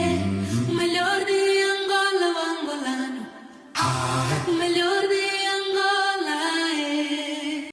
Eh.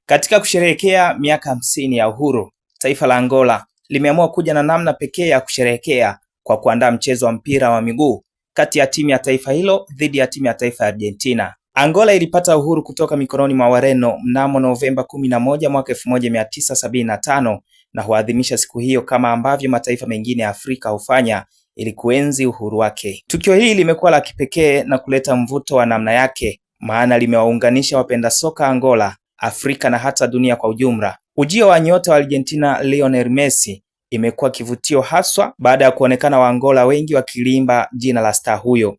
Katika kusherehekea miaka hamsini ya uhuru, taifa la Angola limeamua kuja na namna pekee ya kusherehekea kwa kuandaa mchezo wa mpira wa miguu kati ya timu ya taifa hilo dhidi ya timu ya taifa ya Argentina. Angola ilipata uhuru kutoka mikononi mwa Wareno mnamo Novemba 11 mwaka 1975 na huadhimisha siku hiyo kama ambavyo mataifa mengine ya Afrika hufanya ili kuenzi uhuru wake. Tukio hili limekuwa la kipekee na kuleta mvuto wa namna yake, maana limewaunganisha wapenda soka Angola, Afrika na hata dunia kwa ujumla. Ujio wa nyota wa Argentina Lionel Messi imekuwa kivutio haswa baada ya kuonekana Waangola wengi wakilimba jina la staa huyo.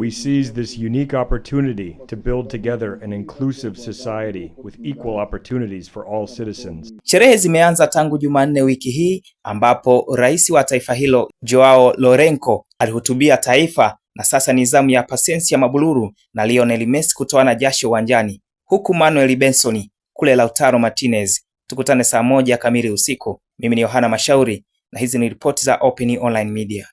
We seize this unique opportunity to build together an inclusive society with equal opportunities for all citizens. Sherehe zimeanza tangu Jumanne wiki hii ambapo rais wa taifa hilo Joao Lourenco alihutubia taifa na sasa ni zamu ya Pasensi ya Mabuluru na Lionel Messi kutoana jasho uwanjani, huku Manuel Benson kule Lautaro Martinez. Tukutane saa moja kamili usiku. Mimi ni Yohana Mashauri na hizi ni ripoti za Open Online Media.